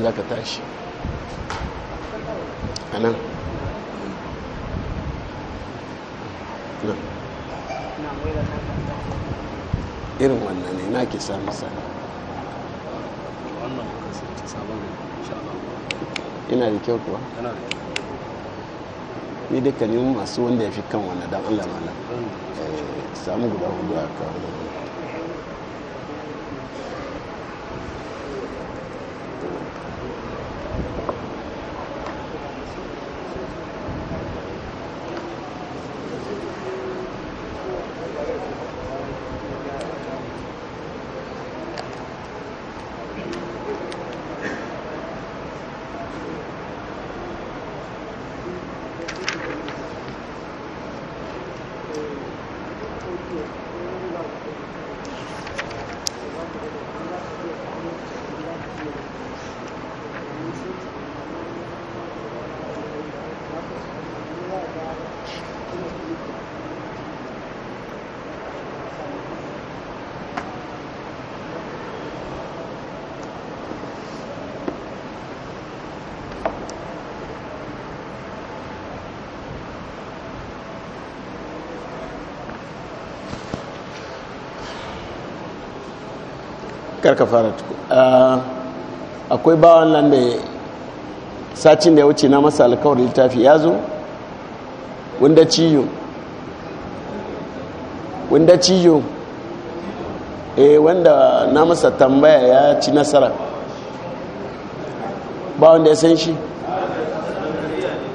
nan za ka tashi anan irin wannan ne na ke sami sani ina da kyau kuwa ni duka ne masu wanda ya fi kan wannan don allama na eh, samun guda hudu a kawo karka fara tuku ah, akwai bawan nan da sacin da ya wuce na masa alkawar littafi ya zo wanda ciyo wanda ciyo eh wanda na masa tambaya ya ci nasara bawan da ya san shi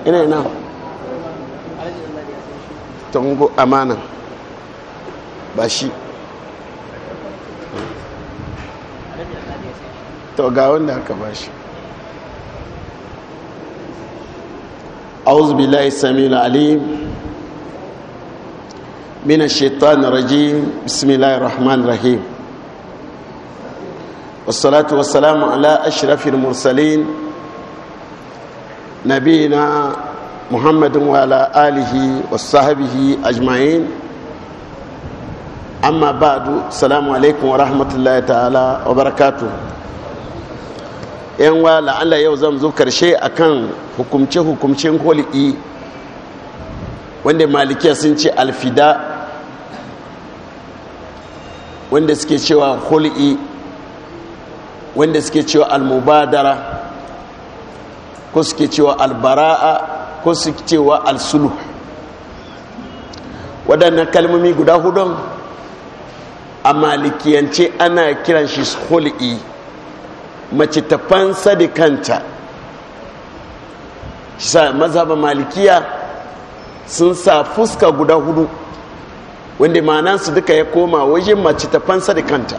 ina ina tungo amana ba shi to ga wanda aka ba shi auzubi la'i samil alim rahman rahim wasalatu wasalamu ala ashirafin mursalin nabina muhammadin ala alihi wasahabihi ajma'in amma ba'du salamu alaikum wa rahmatullahi ta'ala wa barakatuh yan wa la'alla yau zan zo karshe a kan hukumce hukumcin holi'i wanda malikiya sun ce alfida wanda suke cewa holi'i wanda suke cewa almubadara ko suke cewa albara'a ko suke cewa alsulu waɗannan kalmomi guda hudun a malikiyance ana kiran shi holi'i mace ta fansa da kanta sa mazhaban malikiya sun sa fuska guda hudu wanda manansu duka ya koma wajen mace ta fansa da kanta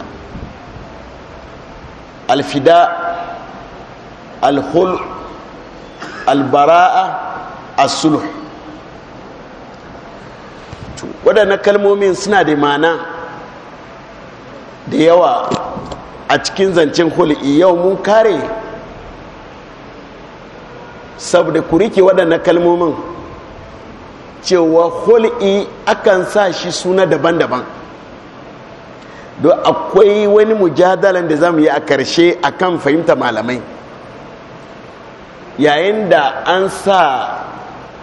alfida alhul albara'a asulu waɗannan kalmomin suna da mana da yawa a cikin zancen hul'i yau mun kare saboda ku rike waɗannan kalmomin cewa hul'i akan sa shi suna daban-daban don akwai wani mujadalan da za mu yi a karshe akan fahimta malamai yayin da an sa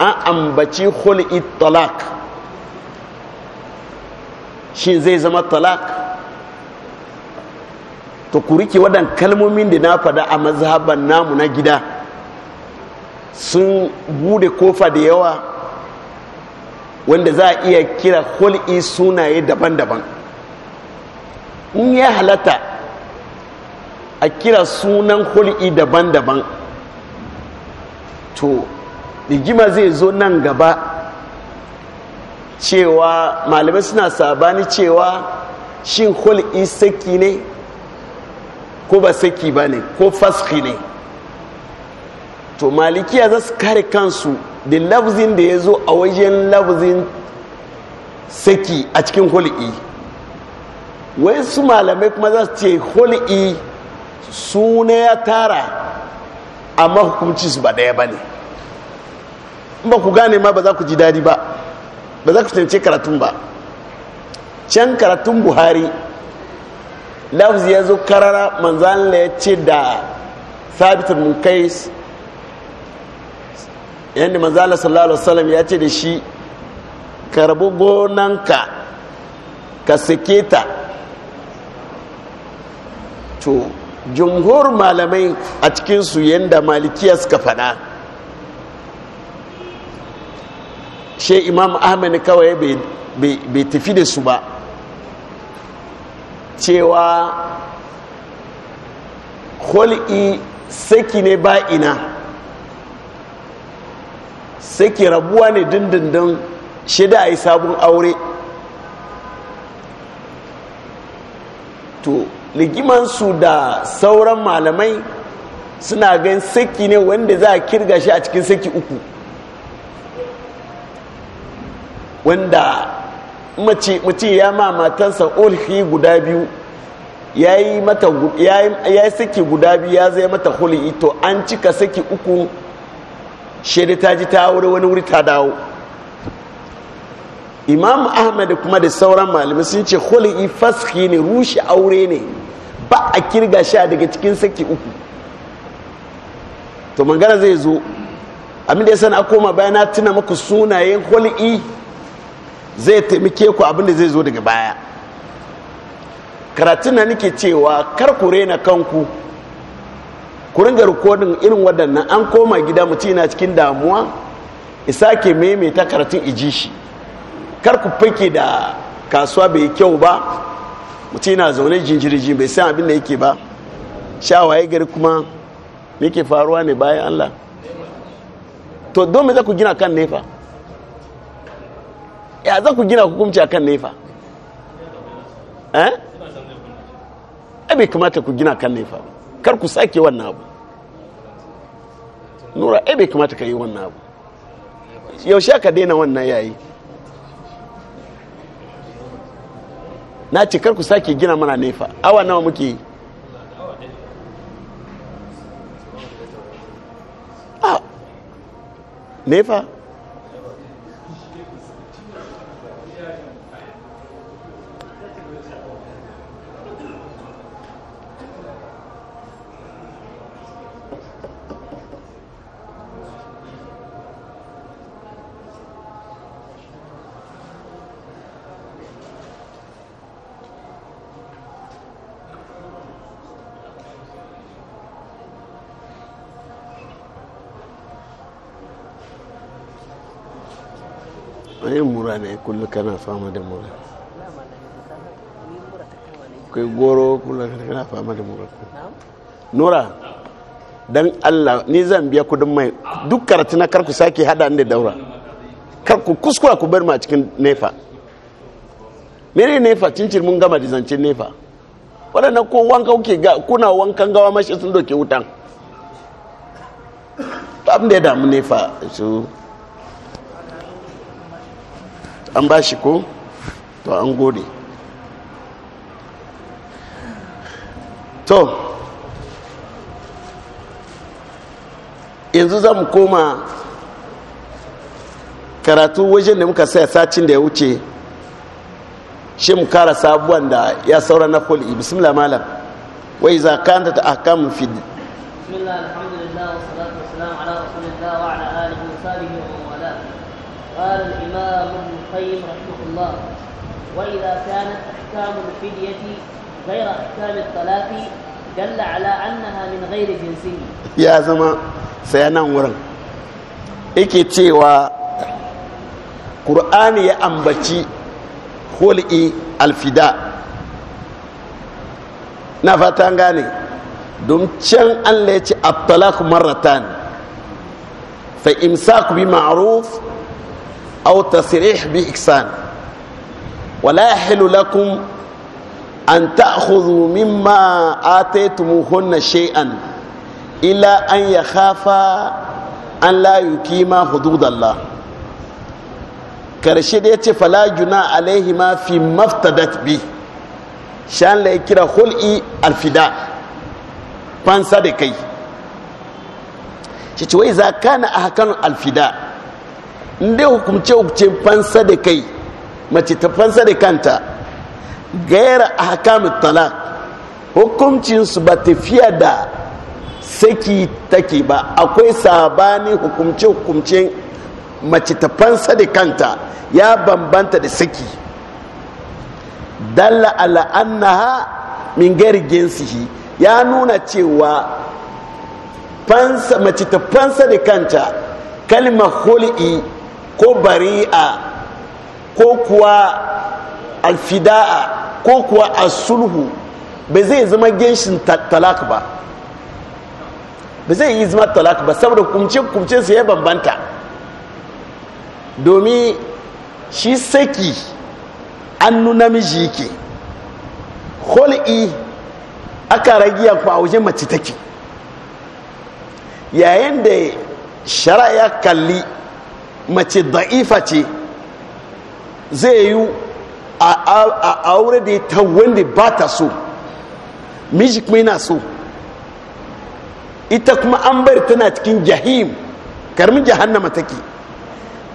an ambaci hul'i talak shi zai zama talak to ku rike wadan kalmomin da na fada a mazhaban namu na gida sun bude kofa da yawa wanda za a iya kira hul'i sunaye daban-daban in ya halatta a kira sunan hul'i daban-daban to rigima zai zo nan gaba cewa malamai suna sabani cewa shin hul'i saki ne ko ba saki ba ne ko faski ne to malikiya za su kare kansu da lafzin da ya zo a wajen lafzin saki a cikin hul'i wai su malamai kuma za su ce hul'i ne ya tara amma hukumci su ba daya ba ne ba ku gane ma ba za ku ji dadi ba ba za ku tance karatun ba can karatun buhari lafzi ya zo karara manzan ya ce da sabitul kai yadda manzan sallallahu alaihi ya ce da shi karbi gonanka ka sake ta to jumhur malamai a cikinsu yadda malikiya suka faɗa shi imam ahmed kawai bai tafi da su ba cewa hul'i saki ne ba'ina saki rabuwa ne dindindin shida a yi sabon aure to ligimansu da sauran malamai suna gan saki ne wanda za a kirga shi a cikin saki uku wanda mace mace ya ma matansa ulhi guda biyu ya yi mata ya saki guda biyu ya zai mata hul'i to an cika saki uku shaida ta ji ta wuri wani wuri ta dawo imam ahmad kuma da sauran malamai sun ce hul'i faski ne rushe aure ne ba a kirga sha daga cikin saki uku to magana zai zo da ya sana koma bayan na tuna muku sunayen hul'i zai taimake ku abin da zai zo daga baya karatun na nake cewa kar ku rena kanku ku ringa rikodin irin waɗannan an koma gida muci na cikin damuwa isa ke maimaita karatun iji shi kar ku fake da kasuwa bai kyau ba mutum na zaune jinjiriji bai san abin da yake ba shawaye gari kuma yake faruwa ne bayan allah to don me za ku gina kan nefa ya za ku gina hukunci kan nefa eh bai kamata ku gina kan nefa kar ku sake wannan abu nura ai kamata ka yi wannan abu yaushe ka daina wannan yayi na ce kar ku sake gina mana nefa awa nawa muke yi ah. nefa mura ne kullum kana fama da mura kai goro kullum kana fama da mura nura dan allah ni zan biya kudin mai duk karatu na karku sake hada da daura karku kuskura ku bar ma cikin nefa mere nefa cincin mun gama da zancen nefa waɗannan ko wanka kuke ga kuna wankan gawa mashi sun doke wutan abin da ya damu nefa su an ba shi ko to an gode to yanzu za mu koma karatu wajen da muka saya sacin da ya wuce shi mu kara sabuwan da ya saura na kul'i bismillah malam wai za ka ta ahkamun fi bismillah alhamdulillah wa salatu ala wa القيم رحمه الله وإذا كانت أحكام الفدية غير أحكام الطلاق دل على أنها من غير جنسه يا زما cewa ƙur'ani ya ambaci hul'i alfida na fata gane don can allah ya ce abtalak marratan imsak bi أو تصريح bi ihsan wala لكم lakum تأخذوا مما آتيتموهن شيئا إلا illa an أن an la حدود الله karshe da yace fala juna alaihi ma fi maftadat bi shan la kira hul'i alfida fansa da kai shi ce wai za kana ahkan alfida inda hukumce hukumce fansa da kai mace ta fansa da kanta gaira a hakamu talak hukuncinsu ba tafiya da saki take ba akwai sabani hukumce hukumce mace ta fansa da kanta ya bambanta da saki dalla ala annaha min gari gensihi ya nuna cewa mace ta fansa da kanta kalmar hul'i ko bari'a ko kuwa alfida'a ko kuwa asulhu ba zai zama genshin talak ba ba zai yi zama talak ba saboda kumce-kumce su ya bambanta domin shi saki annu namiji yake hol'i aka ragiya ku a wajen mace take yayin da shara'a ya kalli mace da'ifa ce zai yi a aure da ta wanda ba ta so miji kuma yana so ita kuma an bari tana cikin jahim karmin jahannama take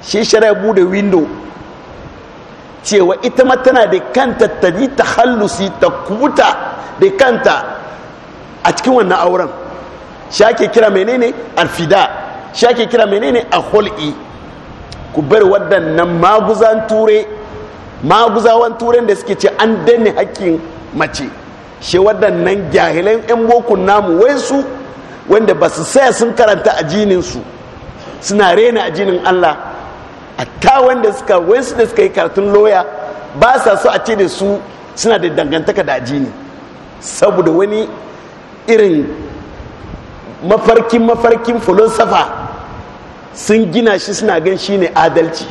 shi shari'a bude window cewa ita ma tana da kanta ta yi ta hallusi ta kubuta da kanta a cikin wannan auren shi ake kira menene alfida shi ake kira menene a hul'i ku bar waɗannan maguzan ture maguzawan turen da suke ce an danne hakkin mace shi waɗannan jahilan 'yan bokun namu wai su wanda ba su saya sun karanta a jininsu suna rena a jinin allah a ta wanda suka wai su da suka yi karatun loya ba sa su a ce da su suna da dangantaka da jini saboda wani irin mafarkin mafarkin filosofa sun gina shi suna gan shi ne adalci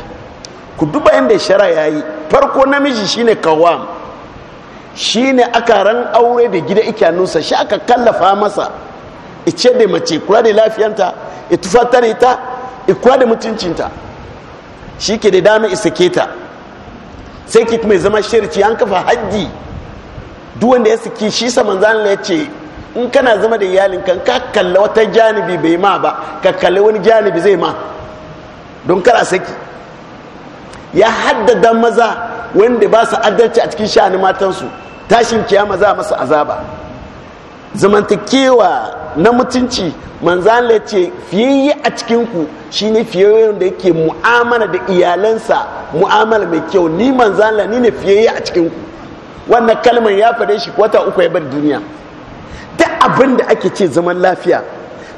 ku duba yadda shara ya yi farko namiji shi ne kawam shi ne aka ran aure da gida ikyanunsa shi aka kallafa masa ice da mace kula da lafiyanta ya tufatar ita ya kula da mutuncinta shi ke da dama isa keta sai ki mai zama shirci an kafa haddi duwanda ya saki shi sa manzan ya ce in kana zama da iyalin kan ka kalla wata janibi bai ma ba ka kalla wani janibi zai ma don kara saki ya haddada maza wanda ba su adalci a cikin sha'anin matansu tashin kiyama za masa azaba zamantakewa na mutunci manzan ce fiyayye a cikinku shi shine fiyayye da yake mu'amala da iyalansa mu'amala mai kyau ni manzan ni ne fiyayye a cikinku wannan kalmar ya fade shi wata uku ya bar duniya abin da ake ce zaman lafiya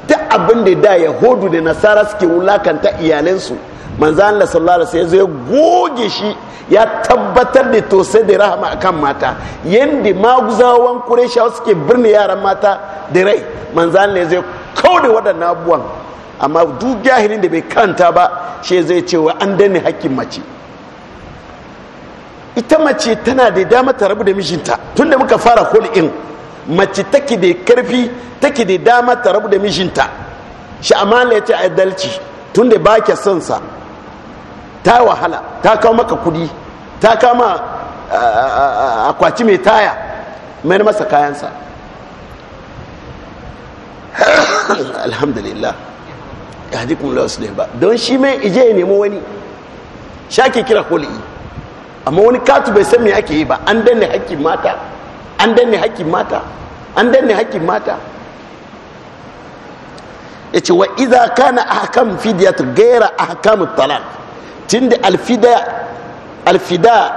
ta abin da da yahudu da nasara suke wulakanta iyalansu manzo Allah sallallahu alaihi wasallam ya goge shi ya tabbatar da tose da rahama akan mata yanda maguzawan quraisha suke birni yaran mata da rai manzo Allah zai kaude waɗannan abubuwan amma duk jahilin da bai kanta ba shi zai ce wa an danne hakkin mace ita mace tana da dama ta rabu da mijinta tunda muka fara hul'in mace take da karfi take da dama ta rabu da mijinta shi amana ya ce adalci tun da ba ke son sa ta wahala ta kawo maka kudi ta kama akwati mai taya mayar masa kayansa alhamdulillah ya haji kuma ba don shi mai ije ya nemi wani shaki kira koli'i amma wani katu bai san mai ake yi ba an danne hakkin mata an danne haƙƙin mata an danne haƙƙin mata ya ce wa iza kana kan fidyat gaira ahkam talak tunda alfida alfida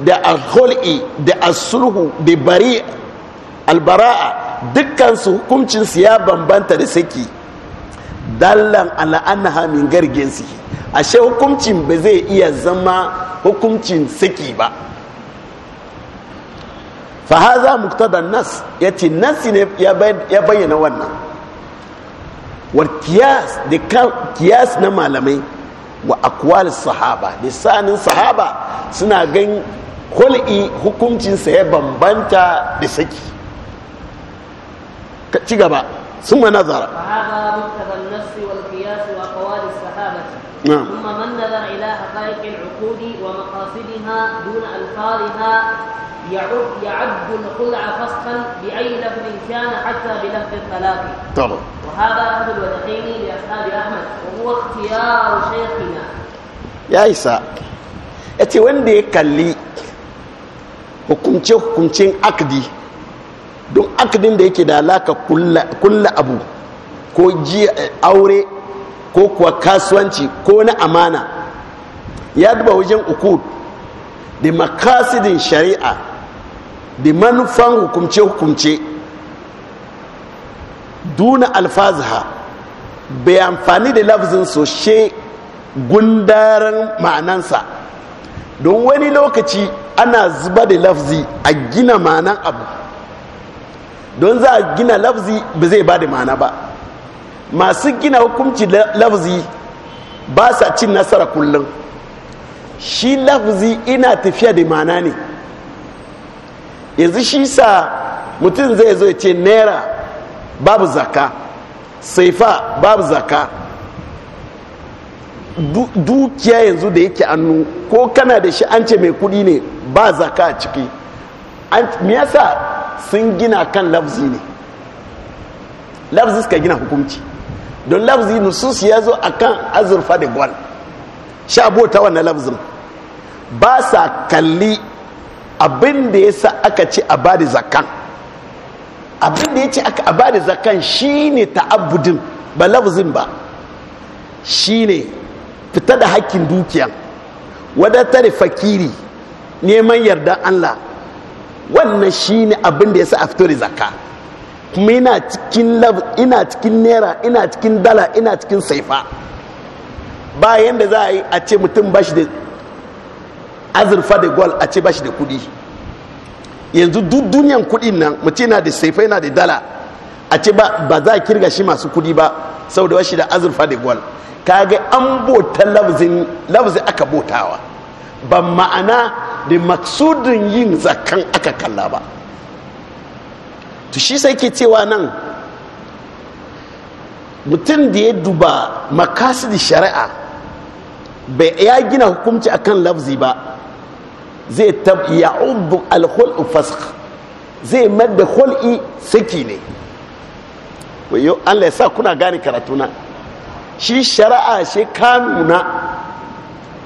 da alholi da asulhu da bari albara'a dukkansu hukuncinsu ya bambanta da saki dallan ala'ana annaha min gargensi ashe hukuncin ba zai iya zama hukuncin saki ba fahaza muktada nas ya ce nasi ne ya bayyana wannan war kiyas da kiyas na malamai wa akwal sahaba lisanin sahaba suna gan kwal'i hukuncinsa ya bambanta da saki ci gaba sun ma nazara ثم من نظر إلى حقائق العقود ومقاصدها دون ألفاظها يعد الخلع فسخا بأي لفظ كان حتى بلفظ الطلاق طبعا وهذا أحد الوجهين لأصحاب أحمد وهو اختيار شيخنا يا عيسى yace wanda ya kalli hukunce-hukuncen akdi don akdin da yake da alaka kulla abu ko ji aure ko kuwa kasuwanci ko na amana ya duba wajen uku da makasidin shari'a da manufan hukumce-hukumce duna alfazaha bai amfani da lafizin soshe gundaren ma'anansa don wani lokaci ana zuba da lafzi a gina ma'anan abu don za a gina lafzi ba zai ba da ma'ana ba masu gina hukumci lafzi ba sa cin nasara kullum shi lafzi ina tafiya da ma'ana ne yanzu shi sa mutum zai zo ce naira babu zaka saifa babu zaka dukiya yanzu da yake annu ko kana da shi an ce mai kudi ne ba zaka a ciki me yasa sun gina kan lafzi ne lafzi suka gina hukunci don lafzi nusus ya zo a kan azurfa da gwal sha bota wannan lafzin ba sa kalli abin da ya sa aka ci a bada zakan abin da ya ci a bada zakan shine ta'abudin ba lafzin ba Shi ne, fita da hakkin dukiya wadatar fakiri neman yardan Allah wannan shine abin da ya sa a fito da zaka kuma ina cikin lab ina cikin naira ina cikin dala ina cikin saifa ba yanda za a yi a ce mutum ba shi da azurfa da gwal a ce ba shi da kudi yanzu duk duniyan kudin nan mace na da saifai na da dala a ce ba za a kirga shi masu kudi ba saboda washi da azurfa da gwal ga an bota lafzin aka botawa ba ma'ana da maksudin yin zakan aka kalla ba shi sai ke cewa nan mutum da ya duba makasidi shari'a bai ya gina hukunci akan lafzi ba zai ya'uddu alkhul'u fasakh zai madda khul'i saki ne wayo Allah ya sa kuna gane karatuna shi shari'a shi kanuna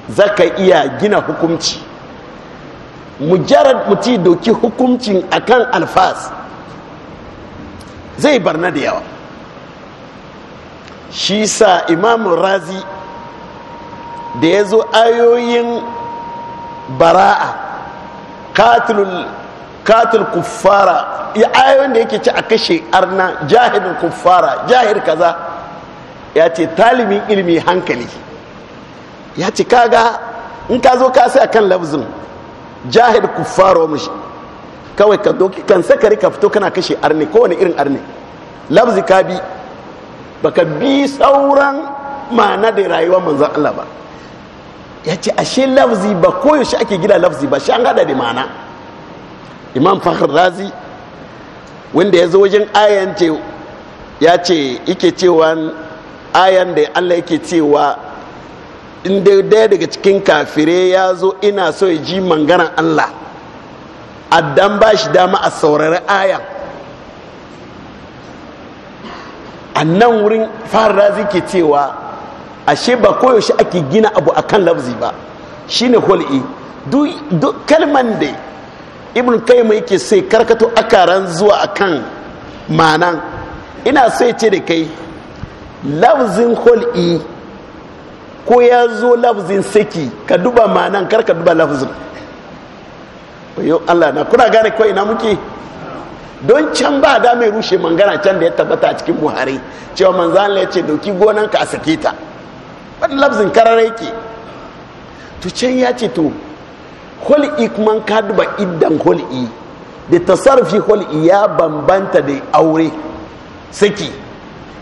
zaka iya gina hukumci mujarrad muti doki hukumcin akan alfas zai barna da yawa shi sa imamun razi da ya zo ayoyin bara'a katil kuffara ya ayoyin da yake ci a kashe arna jahilin kuffara jahil kaza ya ce talimin ilimi hankali ya ce kaga in ka zo ka a kan lafzin jahil kuffara wa mushi kawai ka doki kan sakari ka fito kana kashe arne kowane irin arne lafzi ka bi baka bi sauran ma'ana da rayuwar manzan Allah ba ya ce ashe lafzi ba koyaushe ake gina lafzi ba shi an hada da mana imam fahar razi wanda ya zo wajen ayan ce ya ce ike cewa ayan da allah yake cewa inda daya daga cikin kafire ya zo ina so ya ji manganan allah addan ba shi dama a saurari ayan a nan wurin fahar razi ke cewa ashe ba koyaushe ake gina abu akan lafzi ba shine hul'i duk kalman da ibn kayyim yake sai karkato akaran zuwa a kan maana ina sai ce da kai lafzin hul'i ko ya zo lafzin saki ka duba manan kar duba lafzin yau Allah na kuna gane kawai ina muke don can ba da mai rushe mangana can da ya tabbata a cikin buhari cewa manzan ya ce dauki gonanka ka a sake ta wani labzin karar yake to can ya ce to holi'i kuma ka duba idan holi'i da tasarrufi holi'i ya bambanta da aure saki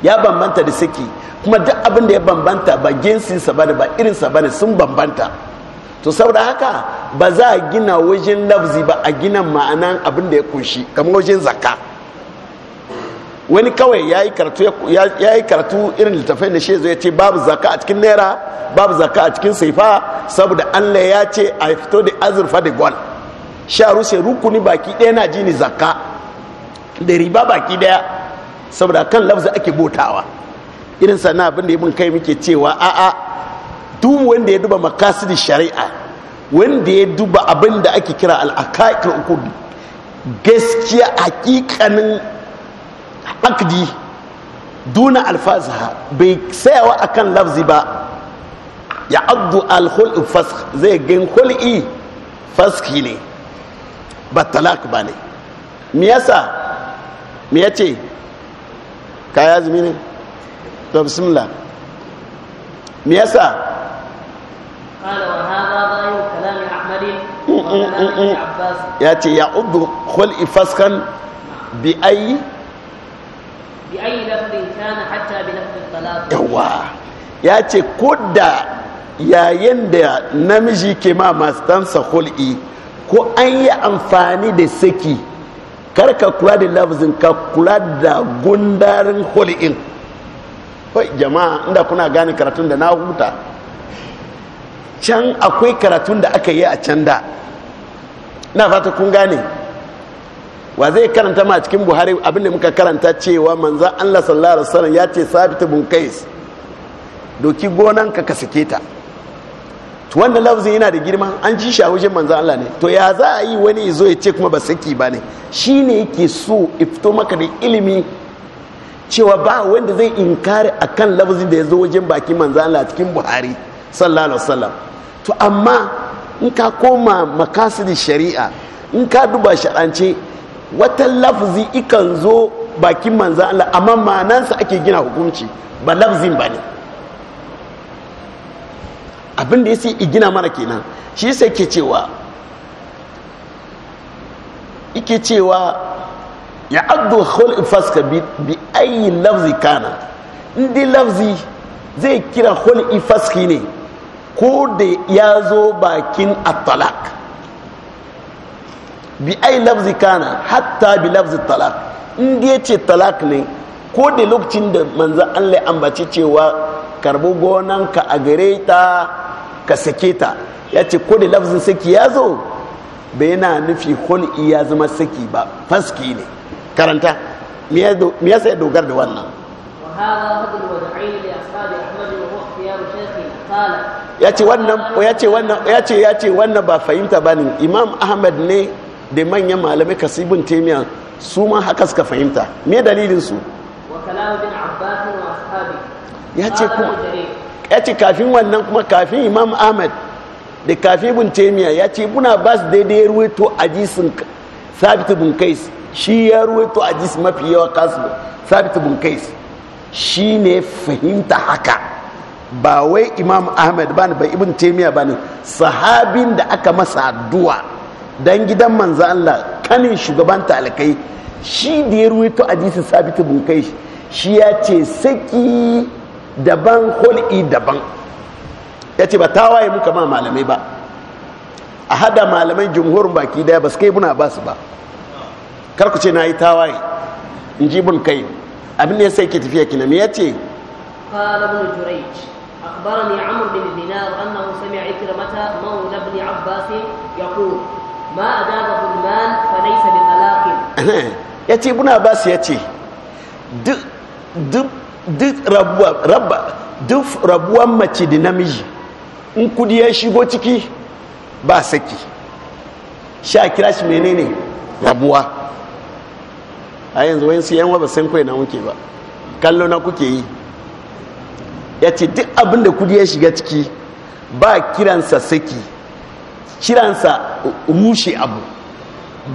ya bambanta da saki kuma duk abin da ya bambanta ba jinsinsa ba ba irinsa ba sun bambanta to saboda haka ba za a gina wajen labzi ba a gina ma'anan abin da ya kunshi kamar wajen zakka wani kawai ya yi karatu irin littafai na shi zai ce babu zaka a cikin naira babu zaka a cikin saifa saboda allah ya ce a fito da azurfa da gwal sha sai rukuni baki daya na ji ni zaka da riba baki ɗaya saboda kan lafza ake botawa irin sana abin da ya mun kai muke cewa a'a duk wanda ya duba da shari'a wanda ya duba abin da ake kira al'akaikul gaskiya hakikanin akdi duna alfazaha bai tsayawa akan lafzi ba ya abdu fask zai gan hul'i faski ne ba talak ba ne bismillah mm, mm, mm, ya abdu hul'i faskan bi ayi ya ce ko da yayin da namiji ke ma masu tamsa hul'i ko an yi amfani da saki karka kula da lafzin ka kula da gundarin hul'in kai jama'a inda kuna gane karatun da na huta can akwai karatun da aka yi a can da na fata kun gane wa zai karanta ma cikin buhari abinda muka karanta cewa manzan allah sallallahu alaihi ya ce sabita bin kais doki gonan ka ka sake ta to wanda lafzin yana da girma an ji shi a wajen manzan allah ne to ya za a yi wani zo ya ce kuma ba saki ba ne shi ne yake so ifto maka da ilimi cewa ba wanda zai inkari akan lafzin da ya zo wajen baki manzan allah cikin buhari sallallahu alaihi wasallam to amma in ka koma makasidin shari'a in ka duba shar'ance wata lafzi ikan zo bakin manzan Allah amma manansa ake gina hukunci ba lafzin ba ne abinda ya sai igina mana kenan shi sai ke cewa ike cewa ya abdu khul faska bi ayi lafzi kana indi lafzi zai kira khul faski ne ko da ya zo bakin atalak. bi ai lafzi kana hatta bi lafzi talak in ya ce talak ne ko da lokacin da manzan Allah ya ambaci cewa karbi ka a gare ta ka sake ta ya ce ko da lafzin saki ya zo bai yana nufi hul'i ya zama saki ba faski ne karanta me ya sai dogar da wannan ya ce wannan ya ce wannan ya ce wannan ba fahimta bane imam ahmad ne da manyan malamai kasibin taimiya su ma haka suka fahimta me dalilinsu ya ce kuma ya ce kafin wannan kuma kafin imam ahmed da kafin ibn taimiya ya ce buna ba su daidai ya ruwaito jisun sabita bin kais shi ya ruwaito jisun mafi yawa kasu sabita bin kais shi ne fahimta haka ba wai imam ahmed ba ne ba ibin taimiya ba ne sahabin da aka masa addu'a dan gidan manzo Allah kanin shugaban talakai shi da ya ruwaito hadisi sabit bin kai shi ya ce saki daban hul'i daban ya ce ba tawaye muka ma malamai ba a hada malamai jumhurin baki daya ba su kai muna ba su ba karku ce na yi tawaye in ji bin kai abin da ya sai ke tafiya kina me ya ce قال ابن جريج أخبرني عمرو بن دينار أنه سمع عكرمة مولى ابن عباس يقول ma adaba gulman fa laysa bi talaqin yace ibn abbas yace duk duk duk rabuwa rabba duk rabuwan mace da namiji in kudi ya shigo ciki ba saki sha kira shi menene rabuwa a yanzu wayan su yanwa ba san kai na muke ba kallo na kuke yi ya ce duk abin da kudi ya shiga ciki ba kiransa saki kiransa rushe abu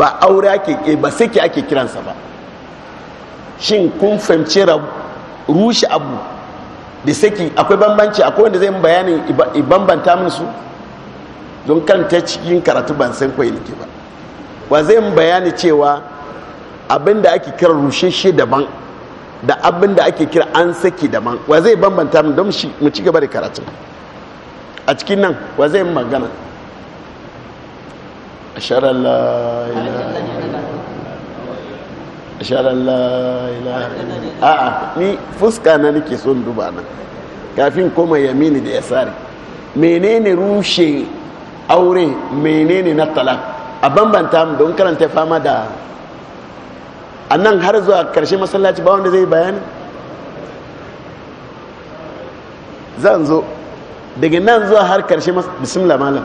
ba aure ake eh, ba sake ake kiransa ba shin kun fahimci rushe abu da saki akwai bambanci akwai wanda zai bayanin bambanta min su don kan ta cikin karatu ban san kwai nake ba wa zai bayani cewa abinda ake kira shi daban da abinda ake kira an saki daban wa zai bambanta min don mu ci gaba da karatu a cikin nan wa zai magana أشهد ni fuska na nake son duba nan kafin koma yamini da yasari menene rushe aure menene na talak a bambanta don karanta fama da annan har zuwa karshe masallaci ba wanda zai bayani zan zo daga nan zuwa har karshe bismillah malam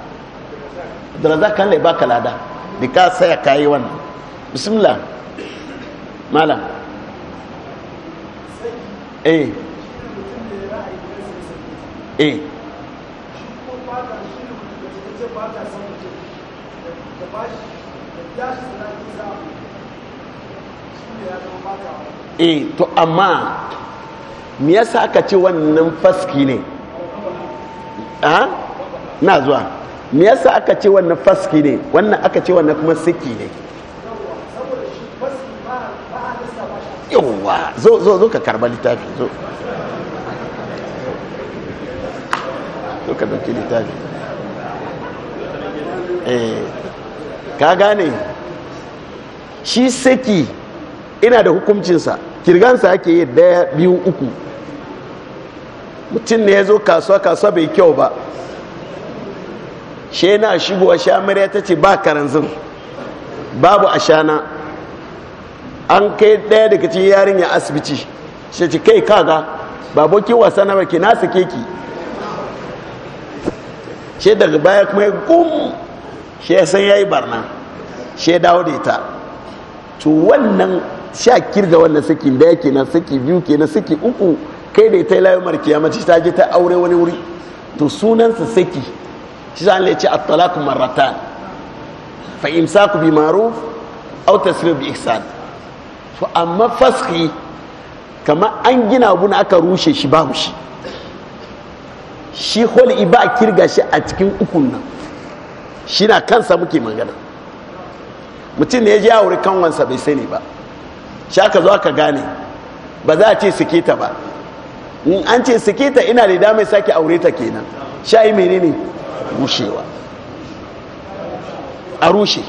da kan Allah ya baka lada da ka saya kayi wannan bismillah malam eh eh eh to amma me yasa aka ce wannan faski ne ah? na zuwa me yasa aka ce wannan faski ne wannan aka ce wannan kuma siki ne yawwa zo zo zo ka karba littafi zo zo ka dauki littafi eh ka gane shi saki ina da hukuncinsa kirgansa ake yi daya biyu uku mutum ne ya zo kasuwa kasuwa bai kyau ba she na a shamar ta ce ba karanzin babu ashana an kai ɗaya daga cikin yarinya asibiti shi ce kai kaga baboki wasa na baki nasu sake ki she daga baya kuma ya gum she ya san ya yi barna she dawo da ita to wannan sha kirga wannan saki da yake na saki biyu ke na saki uku kai da ita yi layumar kiyamaci ta je ta aure wani wuri to sunansa saki shi za a ce at-talaq marratan fa ku bi ma'ruf aw tasrif bi iksan to amma faski kama an gina abu na aka rushe shi babu shi shi hul'i ba kirga shi a cikin ukun nan shi na kansa muke magana mutum ne ya je ya wuri kanwansa bai sani ba shi aka zo aka gane ba za a ce sikita ba in an ce sikita ina da damar sake aure ta kenan sha yi menene rushewa a rushe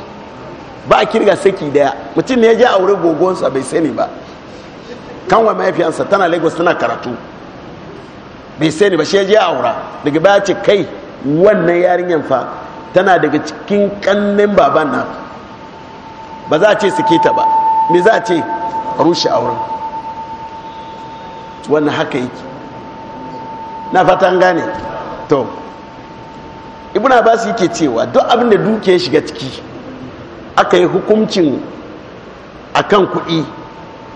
ba a kirga saki daya mutum ne ya je aure gogonsa bai sani ba kanwa mahaifiyansa tana lagos tana karatu bai sani ba shi ya je aura daga baya ce kai wannan yarinyar fa tana daga cikin kannin baban na ba za a ce suke ta ba me za a ce rushe auren wannan haka yake na fatan gane to ba abbas yake cewa duk abin da duke shiga ciki aka yi hukuncin kan kuɗi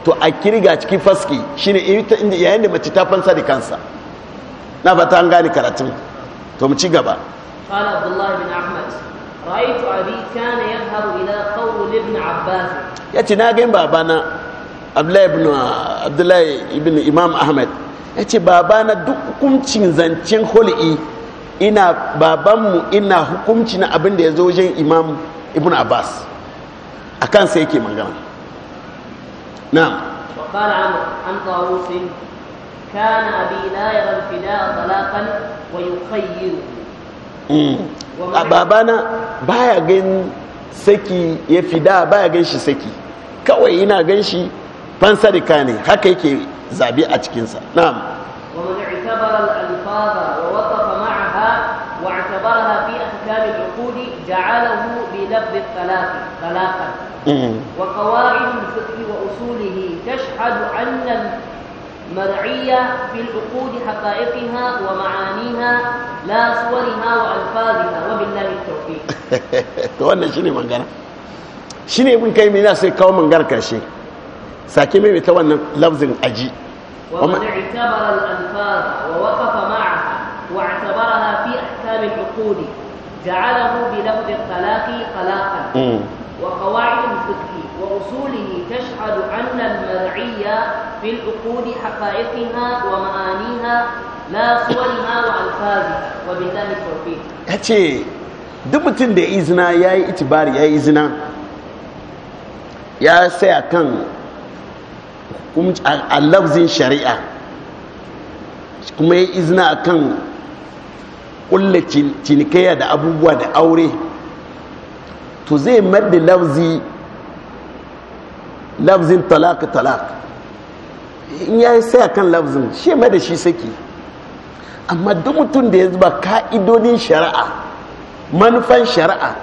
to a kirga ciki faski ne yayin da mace ta fansa da kansa na fata an gani karatun to mu ci gaba ya ce na gani احمد رايت ابي كان يذهب الى قول ابن عباس ياتي ناغين na yace babana duk hukuncin zancen holi'i ina babanmu ina hukunci na abin da ya zo wajen imam ibn abbas a kansa yake magana na mm. a babana baya gan saki ya fida baya gan shi saki kawai ina gan shi fansarika ne haka yake zabi a cikinsa na'am جعله بلفظ الطلاق طلاقا وقواعد الفقه وأصوله تشهد أن مرعية في العقود حقائقها ومعانيها لا صورها وألفاظها وبالله التوفيق wannan shine magana shine ibn kai mai sai kawo mangar karshe sake mai ta wannan lafzin aji ومن اعتبر الألفاظ ووقف معها واعتبرها في أحكام العقود جعله بلفظ الطلاق طلاقا وقواعد الفقه وأصوله تشهد أن المرعية في العقود حقائقها ومعانيها لا صورها وألفاظها وبالله التوفيق أتي duk mutum da izina ya yi itibari ya yi izina ya saya kan a lafzin shari'a kuma ya yi izina a kan Ƙulla cinikaya da abubuwa da aure to zai madda lafzi lafzin talaka talak in ya yi sai kan lafzin shi mai da shi saki amma duk mutum da ya zuba ka'idodin shari'a manufan shari'a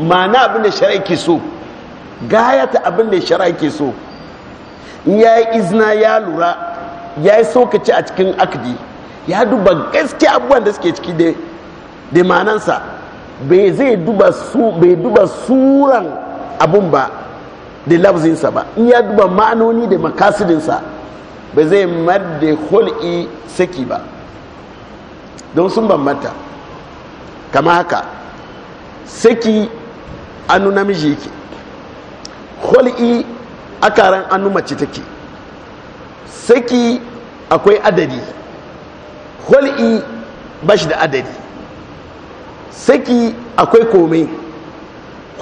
mana abin da shari'a ke so gayata abin da shari'a ke so in ya yi izina ya lura ya yi sokaci a cikin akdi ya duba gaske abubuwan da suke ciki da manansa bai zai duba bai duba suran abun ba da lafzinsa ba in ya duba ma'anoni da makasidinsa ba zai da hul'i saki ba don sun bambanta kama haka saki anu namiji yake hul'i akaran anu mace take saki akwai adadi hul'i ba shi da adadi saki akwai komai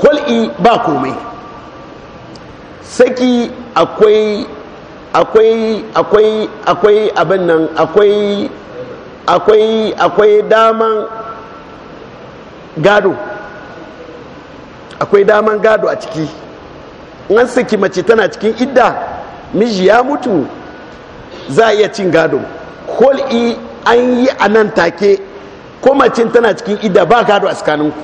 hul'i ba komai saki akwai akwai akwai akwai abin nan akwai akwai akwai daman gado akwai daman gado a ciki an saki mace tana cikin idda miji ya mutu za a iya cin gado hul'i an yi a nan take ko macin tana cikin ida ba gado a tsakaninku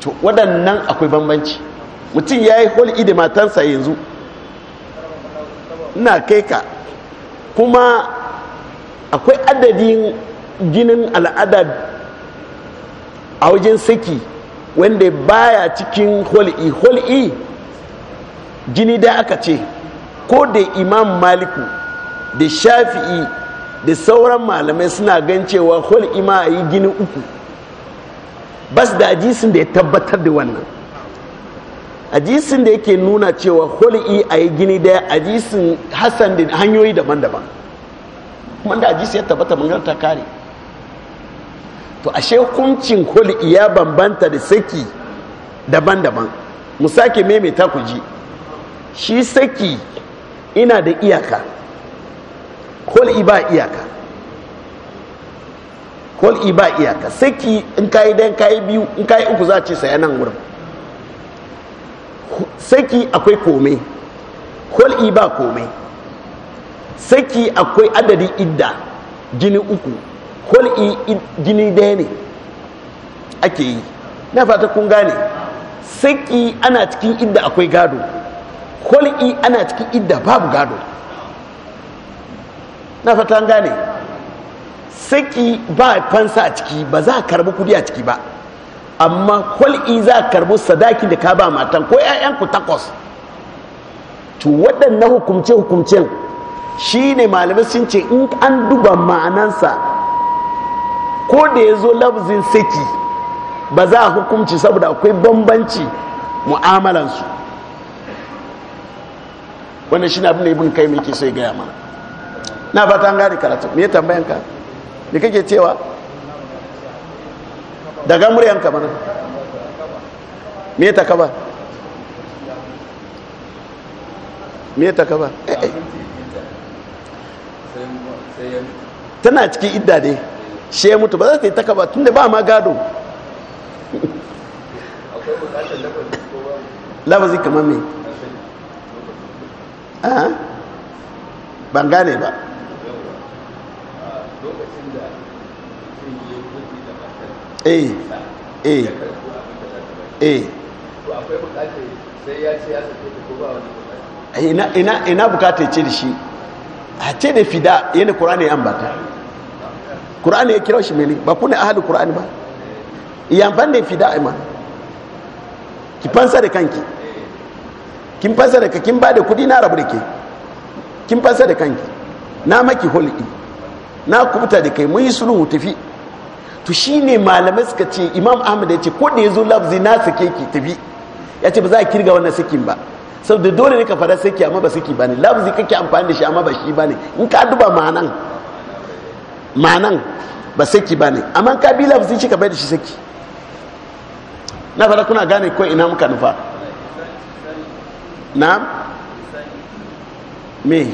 to waɗannan akwai bambanci mutum ya yi holi da matansa yanzu na kai ka kuma akwai adadin ginin al'ada a wajen saki wanda baya cikin holi holi gini da aka ce ko da imam maliku da shafi'i da sauran malamai suna gan cewa hul ma a yi gini uku bas da ajisun da ya tabbatar da wannan ajisun da yake nuna cewa hul'i a yi gini daya ajisun hassan da hanyoyi daban-daban kuma da ajisun ya tabbata mangar ta kare to ashe hukuncin hul'i ya bambanta da saki daban-daban mu sake maimaita ku ji shi saki ina da iyaka koli ba iyaka koli ba iyaka saki in kayi dan kayi biyu in kayi uku za ce saya nan wurin saki akwai komai koli ba komai saki akwai adadi idda jini uku koli jini daya ne ake yi na fata kun gane saki ana cikin idda akwai gado koli ana cikin idda babu gado na fatan gane saki ba fansa a ciki ba za a karbi kudi a ciki ba amma kwal'i za a karbi sadaki da ka ba matan ko yayan ku takwas to waɗannan hukumce-hukumcen shi ne malamai sun ce in an duba ma'anansa ko da ya zo labzin saki ba za a hukumci saboda akwai bambanci mu'amalansu wannan shi na abin da ibn kai mai ke sai gaya mana na fata an gane karatu me tambayan ka me kake cewa daga muryan ka mana me ta kaba me ta kaba eh, eh. tana ciki idda dai shi ya mutu ba za ta yi taka tun da ba ma gado lafazi kamar me ah? ban gane ba eh eh eh ina ina bukatar ce da shi a ce da fida yana qur'ani yan bata qur'ani ya kira shi mene ba kuna ahli qur'ani ba yan ban da fida ima ki fansa da kanki kin fansa da kakin ba da kudi na rabu da ke kin fansa da kanki na maki hulɗi na kubuta da kai mun yi sulhu tafi to ne malamai suka ce imam ahmad ya ce ko da ya zo lafzi na sake ki tafi ya ce ba za a kirga wannan sakin ba da dole ne ka fara sake amma ba sake ba ne lafzi kake amfani da shi amma ba shi ba ne in ka duba manan manan ba sake ba ne amma ka bi lafzi shi ka bai da shi sake na fara kuna gane ko ina muka nufa na me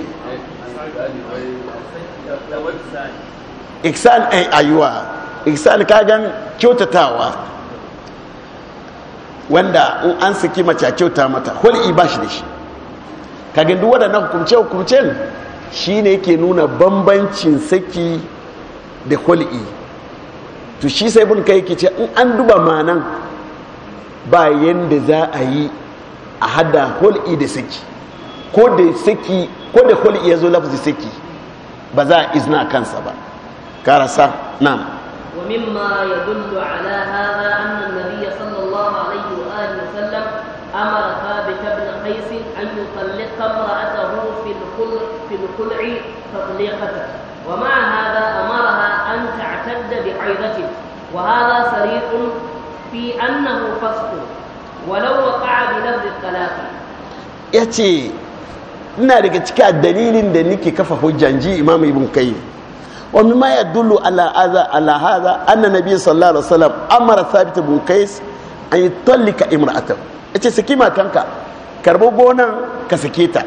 iksan eh, ayuwa. ihsan kagan kyautatawa wanda in an saki mace a kyauta mata hul'i ba shi da shi kagan duk wadannan hukumce hukumcen shi ne yake nuna bambancin saki da hul'i to shi sai bin kai yake ce in an duba manan ba yanda za a yi a hada hul'i da saki ko da saki ko da hul'i ya zo lafzi saki ba za a izna kansa ba karasa na'am مما يدل على هذا أن النبي صلى الله عليه وآله وسلم أمر ثابت بن قيس أن يطلق امرأته في الخلع في الخلع تطليقة ومع هذا أمرها أن تعتد بعيضته وهذا صريح في أنه فسق ولو وقع بلفظ الطلاق يأتي ina daga cikin dalilin da nake kafa hujjanji imam ibn qayyim wa mimma yadullu ala hadha ala hadha anna nabi sallallahu alaihi wasallam amara thabit bin qais an yutallika imra'atan yace saki ka karbo gonan ka sake ta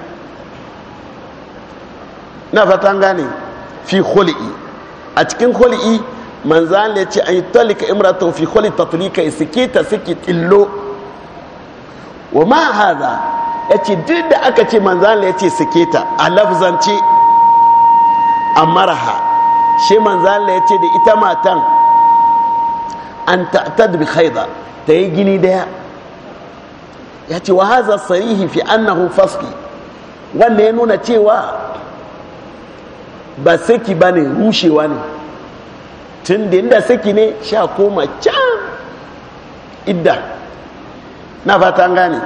na fatan gane fi khul'i a cikin khul'i manzan ya ce an yi talika imratan fi khul'i tatlika sake ta sake tillo wa ma hadha yace duk da aka ce manzan ya ce sake ta a lafzance ha. shi manzala ya ce da ita matan an ta'tad bi khayda ta yi gini daya ya ce wa haza sarihi fi annahu faski wanda ya nuna cewa ba saki ba ne rushewa ne tun da inda saki ne sha koma can idda na fata gane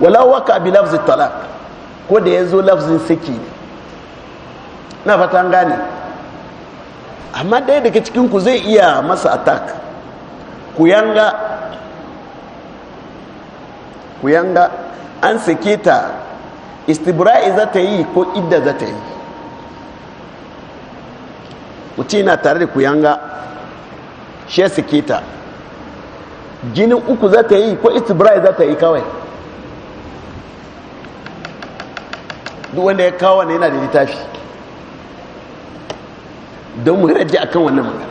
wala waka bi lafzin talak ko da ya zo lafzin saki ne na fata gane amma ɗaya daga cikinku zai iya masa attack ku yanga ku yanga an sake ta istibra'i za ta yi ko idda za ta yi mutum yana tare da ku yanga shi sake ta jinin uku za ta yi ko istibra'i za ta yi kawai duk wanda ya kawo ne yana da littafi don mu a akan wannan magana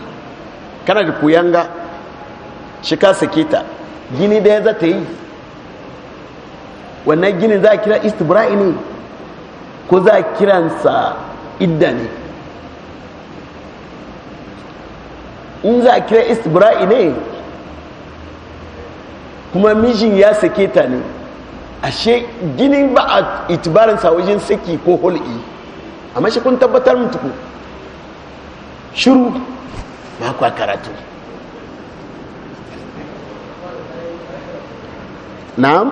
kana da kuyanga shi ka sake ta gini daya za ta yi wannan ginin za a kira East istibra'i ne ko za a kiransa idda ne in za a kira East istibra'i ne kuma mijin ya sake ta ne ashe ginin ba a itibarinsa wajen saki ko hulɗi amma shi kun tabbatar mutuku shiru ba kwa karatu na'am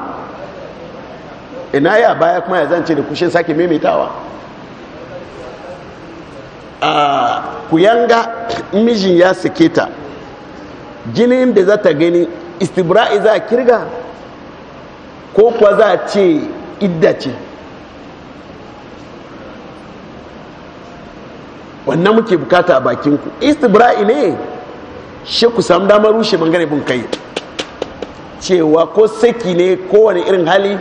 ina ya baya kuma ya zance da kushin sake maimaitawa a yanga mijin ya sake ta jinin da za ta gani istibra'i za kirga ko kuwa za a ce idda ce wannan muke bukata a bakinku istibra'i ne shi ku samu damar rushe bangare bin kai cewa ko saki ne kowane irin hali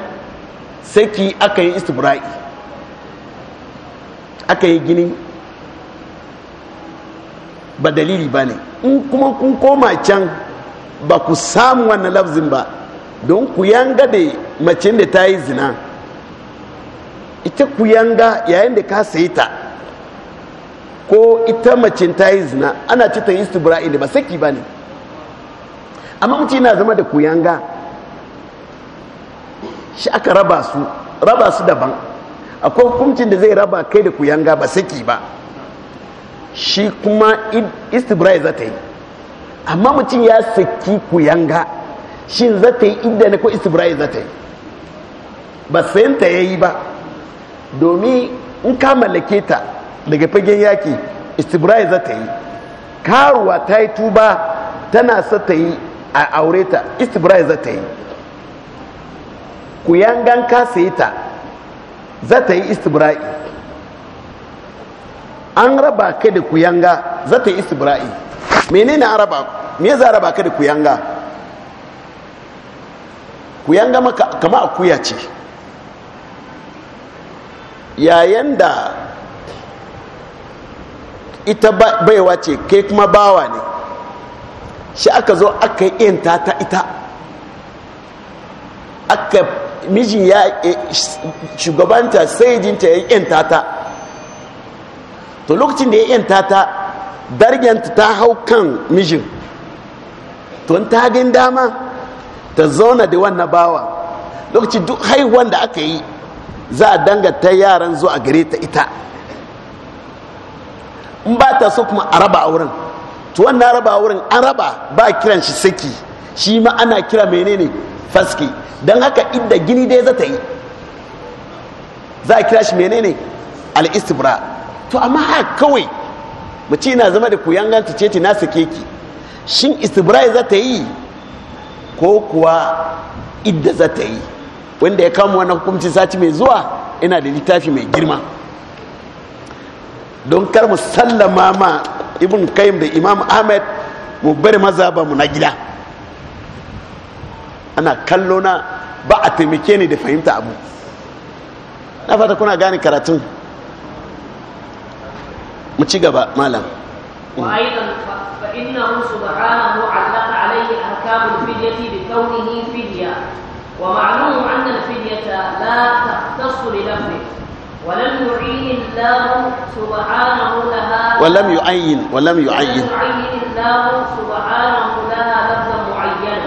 saki aka yi istibra'i aka yi gini ba dalili ba ne in kuma kun koma can ba ku samu wannan lafzin ba don ku yanga da macin da ta yi zina ita ku yanga yayin da ka sayi ta ko ita macin ta yi zina ana ci ta yi istibra ne ba saki ba ne amma mace yana zama da kuyanga shi aka raba su raba su daban akwai hukuncin da zai raba kai da kuyanga ba saki ba shi kuma istibra za ta yi amma mutum ya saki kuyanga shi za ta yi idda ne ko istibra za ta yi ba sayanta ya yi ba domin in ka mallake ta daga fagen yaki istibirai za ta yi karuwa ta yi tuba tana sa ta yi a aure ta istibirai za ta yi ku yangan kasa yi ta za ta yi istibirai an raba ka da kuyanga za ta yi istibirai menene an raba me za raba ka da kuyanga kuyanga kama akuya ce yayin da ita baiwa ce kai kuma bawa ne shi aka zo aka yi ta ta ita aka mijin ya eh, shugabanta sai jinta ya yi ta ta to lokacin da ya yi ta ta dargenta ta hau kan mijin to ta gin dama ta zauna da wannan bawa lokacin duk haihuwan da aka yi za a dangata yaran zuwa gare ta ita in ba ta so kuma a raba a wurin. to wannan raba wurin, an raba ba kiran shi saki shi ma ana kira menene faski don haka idda gini dai za ta yi za a kira shi menene al'istibra to amma haka kawai mace na zama da ganta ce ta nasa keki shin istibra za ta yi ko kuwa idda za ta yi wanda ya kama wani hukumci sati mai zuwa ina da littafi mai girma don kar mu sallama ma ibn kayyim da imam ahmed mu bari maza ba mu na gida ana kallo na ba a taimake ni da fahimta abu na fata kuna gane karatun mu ci gaba malam ومعلوم أن الفدية لا تختص للفظه ولم يعين الله سبحانه لها ولم يعين ولم يعين يعين الله سبحانه لها لفظا معينا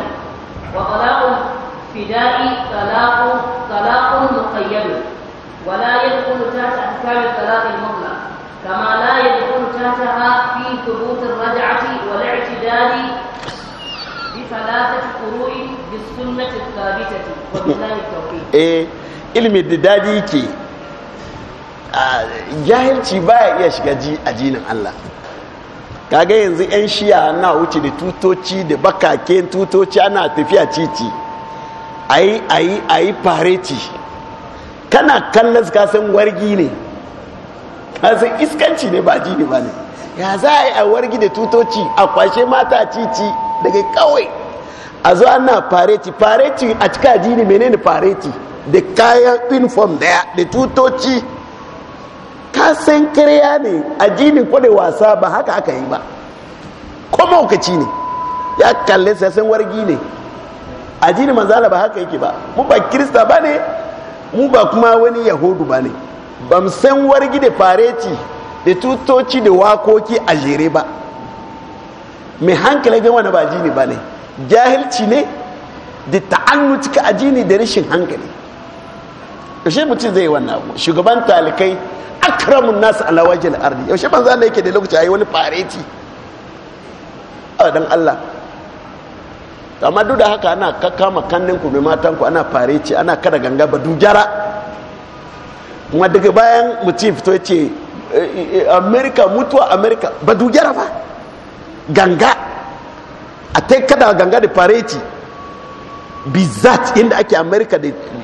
وطلاق الفداء طلاق طلاق مقيد ولا يدخل تحت احكام الطلاق المطلق كما لا يدخل تحتها في ثبوت الرجعه والاعتدال بثلاثه فروع بالسنه الثابته وبالله التوفيق. ايه علم الددادي jahilci ya iya shiga ji ajinin Allah kaga yanzu 'yan shiya na wuce da tutoci da bakake tutoci ana tafiya titi ayi ayi ayi pareti kana kallon ka san wargi ne ka san iskanci ne ba jini ba ne ya za a yi a wargi da tutoci a kwashe mata titi daga kawai a zo ana fareti fareti a cika jini menene fareti da kayan uniform daya da tutoci ka san kirya ne addinin kwade wasa ba haka aka yi ba ko maukaci ne ya kalle sassan wargi ne A addinin manzala ba haka yake ba mu ba kirista ba ne mu ba kuma wani yahudu ba ne ba san wargi da fareti da tutoci da wakoki a jere ba mai hankali gan wani ba jini ba ne jahilci ne da ta'annuci ka jini da rashin hankali ƙashe mutum zai wannan shugaban talikai akramun nasu alawajin wajil ardi yaushe ban zan yake da lokaci yi wani fareti a dan Allah amma duk da haka ana kakkama kannin ku matan ku ana fareti ana kada ganga ba dujara kuma daga bayan mutum fito ce eh, eh, amerika mutuwa amerika ba dujara ba ganga a ta kada ganga da fareti bizat inda ake america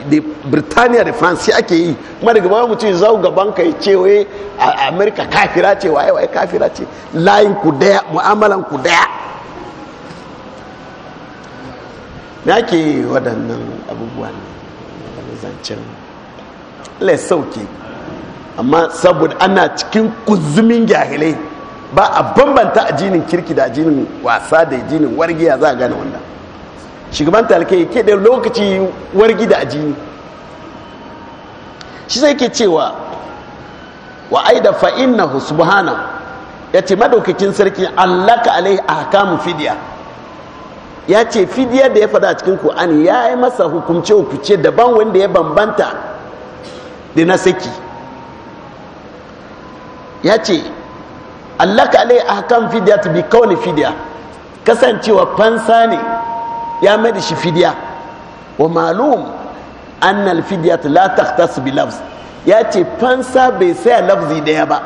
da birtaniya da france ake yi kuma daga bayan mutum zau gaban ka ce wai america kafira ce waye waye kafira ce layin ku daya mu'amalan ku daya me ake waɗannan abubuwan da zancen lai sauke amma saboda ana cikin kuzumin gyahilai ba a bambanta ajinin kirki da ajinin wasa da ajinin wargiya za a gane wanda. shugaban talakai ke da lokaci wargi da ajini shi sai ke cewa wa aida fa'innahu subhana ya ce madaukakin sarki allaka alai ahkamu fidiya ya ce fidiya da ya fada cikin ku'ani ya yi masa hukumce hukumce daban wanda ya bambanta da na saki ya ce allaka alai ahkamu fidiya ta bi kawai fidiya kasancewa fansa ne ya mai da shi fidiya wa malum annal fidiyat la takhtas bi lafz ya ce fansa bai saya lafzi daya ba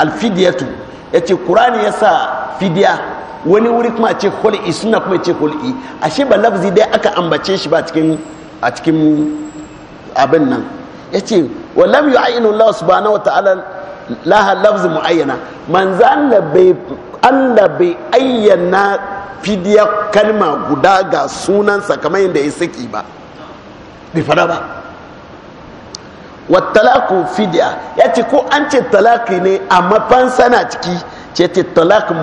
alfidiyatu ya ce kurani ya sa fidiya wani wuri kuma ce hul'i suna kuma ce hul'i ashe ba lafzi daya aka ambace shi ba a cikin abin nan ya ce wa lam yu'ayyinu Allah subhanahu wa ta'ala laha lafzi mu'ayyana manzo Allah bai ayyana fidiya kalma guda ga sunansa kamar yadda ya saki ba bai fada ba fidiya ya ce ko an ce talaki ne amma fansa na ciki ce ce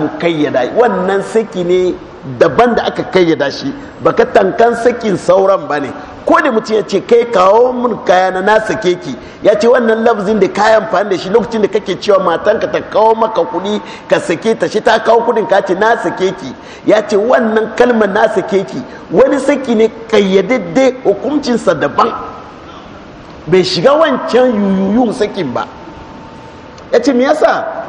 mu kayyada wannan saki ne daban da aka kayyada shi baka tankan sakin sauran ba ne ko da mutum ya ce kai kawo mun kaya na na sake ki ya ce wannan lafzin da kayan amfani da shi lokacin da kake cewa matanka ta kawo maka kuɗi ka sake ta shi ta kawo kuɗin ka ce na sake ki ya ce wannan kalmar na sake ki wani saki ne kayyadadde hukuncinsa daban bai shiga wancan yuyuyun sakin ba ya ce me yasa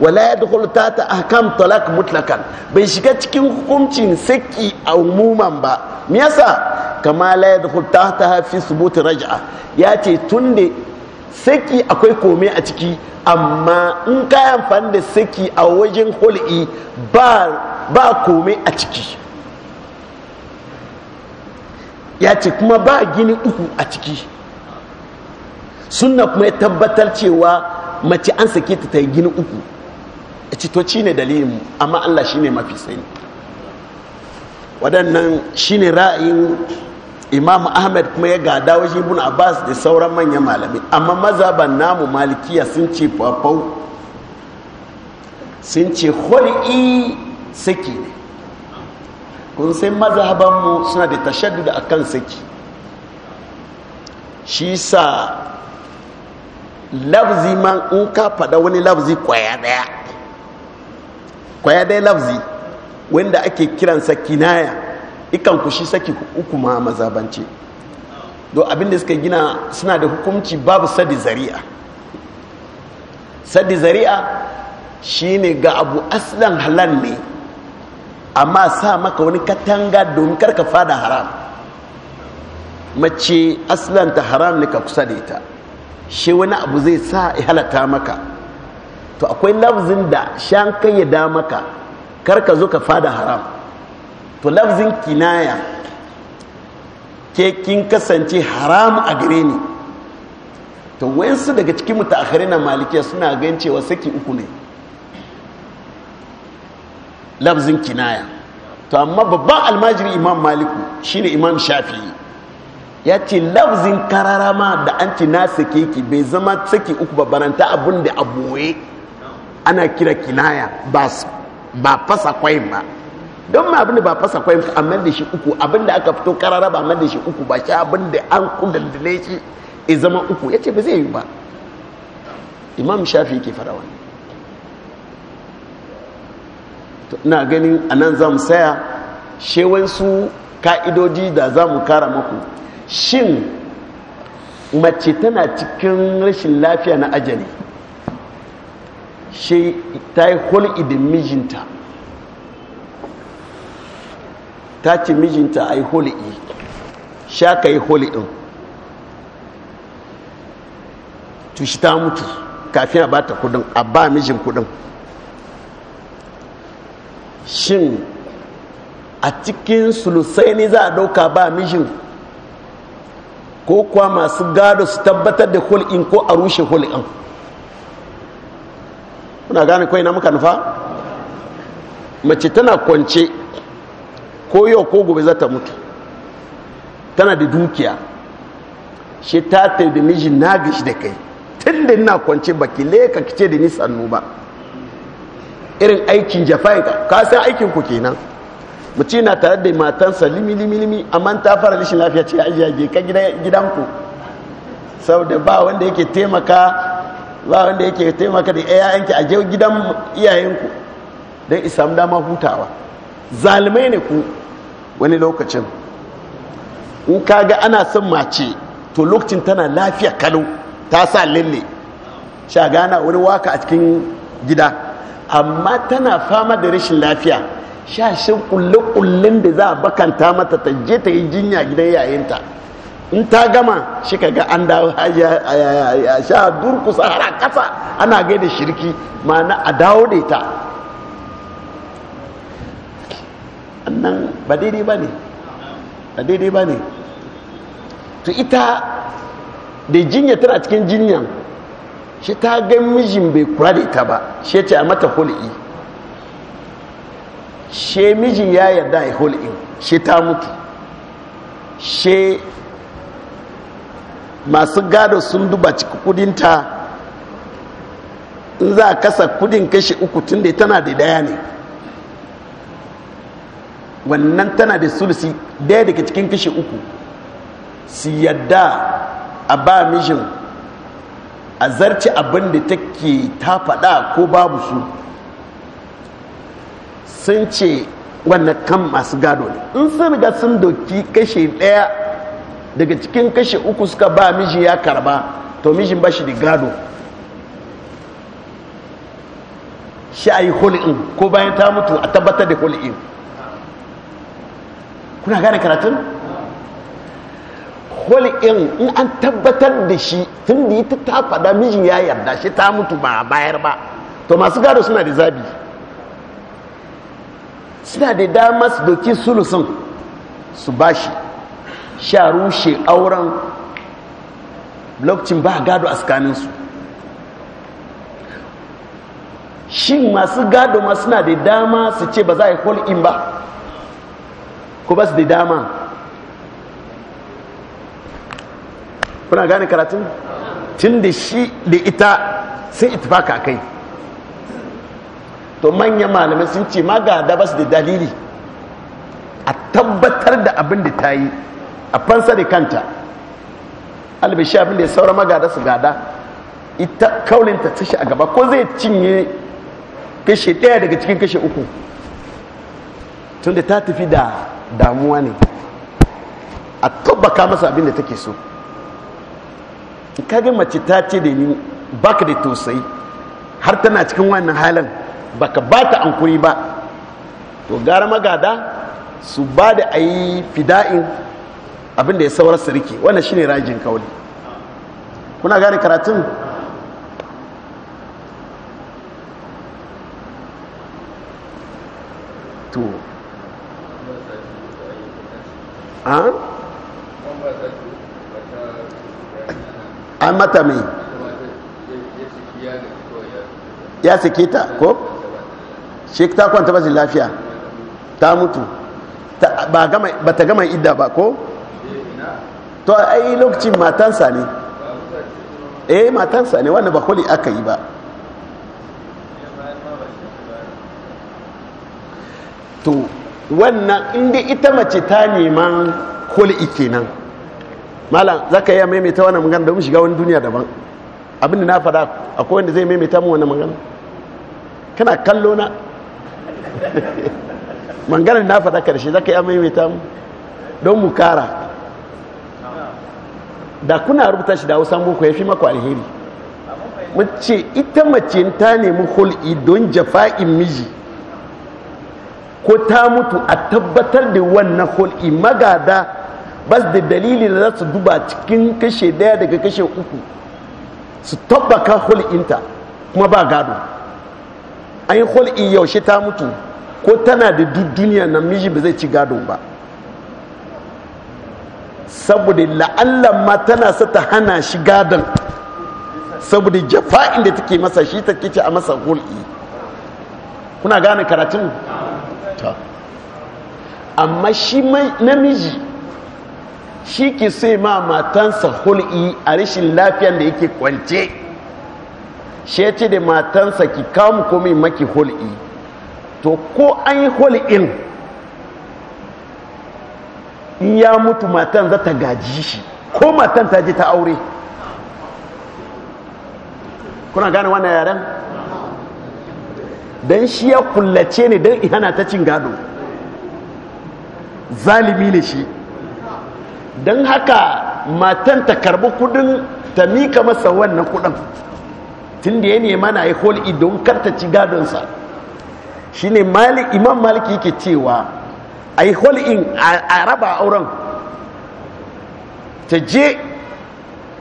wala ya dukul ta ta ahkam talak mutlakan bai shiga cikin hukuncin saki a umuman ba me yasa kama la ya dukul ta ta hafi subuti raja'a ya ce tunde saki akwai kome a ciki amma in ka amfani da saki a wajen hul'i ba ba kome a ciki ya ce kuma ba gini uku a ciki sunna kuma ya tabbatar cewa mace an sake ta ta gini uku citoci ne dalilin amma Allah shi shine mafi sani waɗannan shi shine ra'ayin imam ahmed kuma ya gada wajen ibn abbas da sauran manyan malamai amma mazaban namu malikiya sun ce fafau sun ce hul'i saki ne kun sai mazabanmu suna da tashadduda a kan saki shi sa lafzi man in ka faɗa wani lafzi kwaya ɗaya kwaya dai lafzi wanda ake kiransa kinaya ikan kushi saki uku ma mazabance don abinda suka gina suna da hukunci babu sadi zari'a sadi zari'a shi ne ga abu aslan halal ne amma sa maka wani katanga domin karka fada haram mace aslan haram ne ka kusa da ita shi wani abu zai sa halata maka to akwai lafzin da shan kan ya da maka kar ka zo ka fada haram to lafzin kinaya ke kin kasance haram a gare ni to wayansu daga cikin na malikiya suna gan cewa saki uku ne lafzin kinaya to amma babban almajiri imam maliku shine imam shafi'i ya ce lafzin kararama da an ci na sake bai zama saki uku ba abin da a boye ana kira kinaya ba ba fasa kwayin ba don ma abin da ba fasa kwayin ba amma da shi uku abin da aka fito karara ba amma da shi uku ba shi abin da an kudandale shi e zama uku ya ce ba zai yi ba imam shafi yake fara wani na ganin a nan za mu saya su ka'idoji da za mu kara maku shin mace tana cikin rashin lafiya na ajali shi ta yi hulɗi da mijinta ta ce mijinta a yi hulɗi sha ka yi hulɗin tushi ta mutu kafin a ba ta kudin a ba mijin kudin shin a cikin sulusai ne za a ɗauka ba mijin ko kwa masu gado su tabbatar da hulɗin ko a rushe hulɗin kuna gane kwai na muka nufa mace tana kwance ko yau ko gobe za ta mutu tana da dukiya shi ta ta da mijin na gashi da kai tun da ina kwance baki leka kice da ni sannu ba irin aikin jafai ka san aikin ku kenan mace na tare da matansa limi limi limi amma ta fara lishin lafiya ce a je ka gidanku sau da ba wanda yake taimaka ba wanda yake taimaka da yayanki a gidan iyayenku don isam dama hutawa zalimai ne ku wani lokacin ku kaga ana son mace to lokacin tana lafiya kalo ta sa lalle sha gana wani waka a cikin gida amma tana fama da rashin lafiya sha kulle-kullen da za a bakanta mata ta je ta yi jinya gidan yayinta in ta gama shi ka ga an dawo ya sha durkusa har kasa ana gaida shirki ma'ana a dawo da ita annan ba daidai ba ne ba daidai ba ne to ita da jinya tana cikin jinyan shi ta ga mijin bai kura da ita ba shi ce a mata hul'i shi mijin ya yarda ya hul'i shi ta mutu shi masu gado sun duba ciki kudinta in za a kasa kudin kashi uku tun da tana da daya ne wannan tana da sulusi daya daga cikin kashi uku su yadda a ba mijin a zarci abinda da take ta faɗa ko babu su sun ce wannan kan masu gado ne in sun riga sun doki kashe ɗaya daga cikin kashe uku suka ba miji ya karba to mijin ba shi da gado shi a yi hul'in ko bayan ta mutu a tabbatar da hul'in kuna gane karatun? hul'in in an tabbatar da shi tun da yi ta da mijin ya yarda shi ta mutu ba a bayar ba to masu gado suna da zabi suna da damas, doki sulusun su bashi sha rushe auren lokacin ba gado a tsakaninsu shi masu gado ma suna da dama su ce ba za a yi in ba ko ba su da dama kuna gane karatun tun da shi da ita sai a kai to manyan malamai sun ce magada ba su da dalili a tabbatar da abin da ta yi a fansa da kanta albishi abinda da ya saura magada su gada ita kaulinta ta shi a gaba ko zai cinye kashe daya daga cikin kashe uku tunda ta tafi da damuwa ne a tabbaka masa abin da take so kage mace ta ce da ni baka da tausayi har tana cikin wannan halin baka ba ta ankuri ba to gara magada su ba da a yi fida'in abin ya saurar sarki rike wannan shine rajin kauli kuna gane karatun to an mata mai ya sike ta ko shi ta kwanta bashin lafiya ta mutu ba ta gama idda ba ko to ai lokacin matansa ne eh matansa ne wanda ba kuli aka yi ba to wannan inda ita mace ta neman kuli kenan malam za ka iya maimaita wannan magana mu shiga wani duniya daban abinda na fada akwai wanda zai maimaita mu wannan magana kana kallo na maganar na fada karshe za ka iya maimaita mu don mu kara da kuna rubuta shi da hausa boko ya fi maku alheri mace ita mace ta nemi hul'i don jafa'in miji ko ta mutu a tabbatar da wannan hul'i magada bas da dalili da za su duba cikin kashe daya daga kashe uku su tabbaka hul'inta kuma ba gado an yi hul'i yaushe ta mutu ko tana da duk duniya na miji ba zai ci gado ba saboda la'allan ma tana sa ta hana shi gadon saboda jafa'in da take masa shi ta kice a masa hul'i kuna gane karatun amma shi namiji shi ke sai ma matansa hul'i a rashin lafiyan da yake kwance shi ya ce da matansa ki kamu komi maki hul'i to ko an yi hul'in in ya mutu matan za ta gaji shi ko matan ta ji ta aure kuna gane wannan yaren don shi ya kullace ne don ihana ta cin gado zalimi ne shi don haka matan ta karbi kudin ta mika masa wannan kudin tun da ya nema na ya holi don karta ci gadonsa shi ne imam maliki yake cewa a yi hul'in a raba auren ta je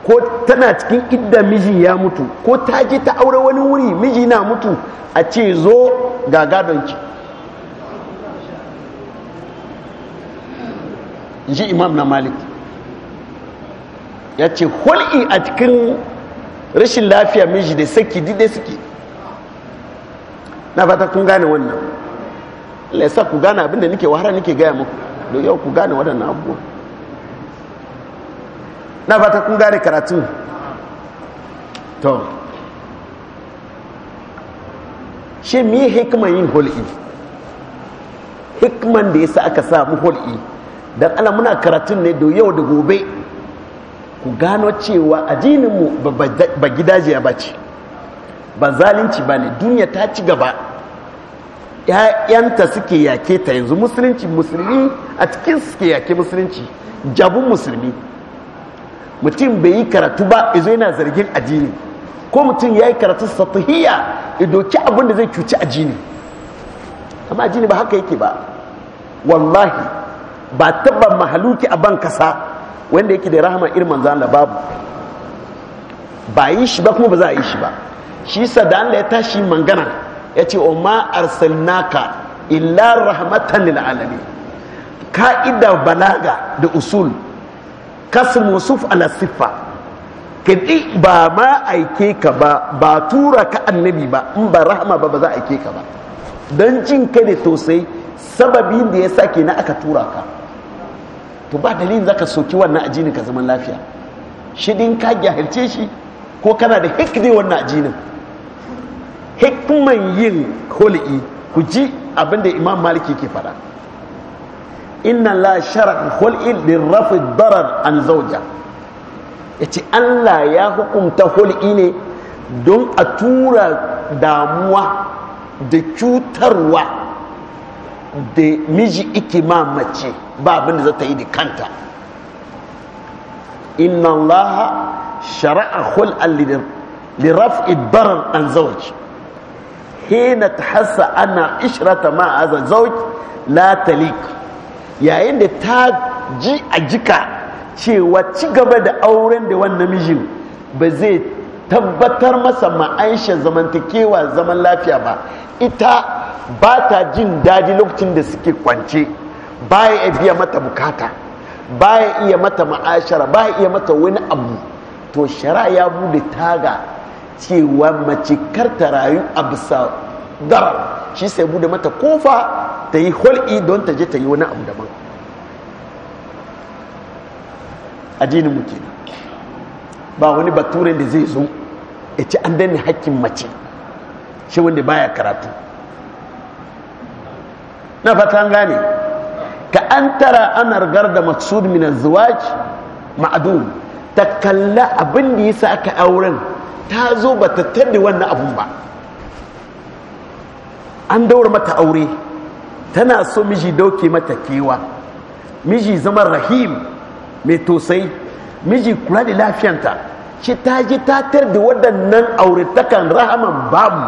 ko tana cikin idda miji ya mutu ko ta je ta aure wani wuri miji na mutu a ce zo ga gadonki ji imam na malik ya ce holi a cikin rashin lafiya miji da saki dide suke na fata kun gane wannan lesa ku gane abin da nike wahara nike gaya muku da yau ku gane waɗannan abubuwa na fata kun gane karatu to shi mi hikman yin hul'i hikman da yasa aka samu hul'i dan ala muna karatun ne da yau da gobe ku gano cewa ajininmu ba gidajiya ba ce ba zalunci ba ne duniya ta ci gaba ya'yanta suke yake ta yanzu musulunci musulmi a cikin suke yake musulunci jabun musulmi mutum bai yi karatu ba izo yana zargin ajini ko mutum ya yi karatu satuhiya idoki abin da zai cuci ajini amma ajini ba haka yake ba wallahi ba taba mahaluki a ban kasa wanda yake da rahama irin manzan da babu ba yi shi ba kuma ba za a yi shi ba shi sa da ya tashi mangana ya ce o ma arsalnaka illa rahmatan lil alami. ka'ida balaga da usul kasr musuf ala siffa kadi ba ma aike ka ba ba tura ka annabi ba in ba rahama ba ba za aike ka ba dan jin ka ne sai sababin da ya sa na aka tura ka to ba dalilin zaka soki wannan ajini ka zaman lafiya shi din ka jahilce shi ko kana da hikdi wannan ajinin hikman yin hul'i ku ji abinda imam maliki ke fada inna la shara din rafi darar an zauja ya allah ya hukunta hul'i ne don a tura damuwa da cutarwa da miji iki mace ba abinda za ta yi da kanta inna allaha shara'a hul'a rafi darar an zauja ta tahassa ana ishrata ma azan zawj la yayin da ta ji a jika cewa ci gaba da auren da wannan mijin ba zai tabbatar masa ma'aisha zamantakewa zaman lafiya ba ita ba ta jin daji lokacin da suke kwance baya iya biya mata bukata baya iya mata ma'ashara baya iya mata wani abu to shara ya bude taga cewa mace kar ta rayu a bisa dara shi sai bude mata kofa ta yi hul'i don ta je ta yi wani abu daban ba wani baturin da zai zo ya ci an dani hakkin mace shi wanda baya karatu na fata gane ka an tara ana rigar da maksud min azwaj ma'adun ta kalla abin da sa aka auren ta zo ba ta tadda wannan abun ba an daura mata aure tana so miji dauke mata kewa miji zama rahim mai tosai miji kula da lafiyanta shi ta ji tatar da waɗannan auratakan rahaman babu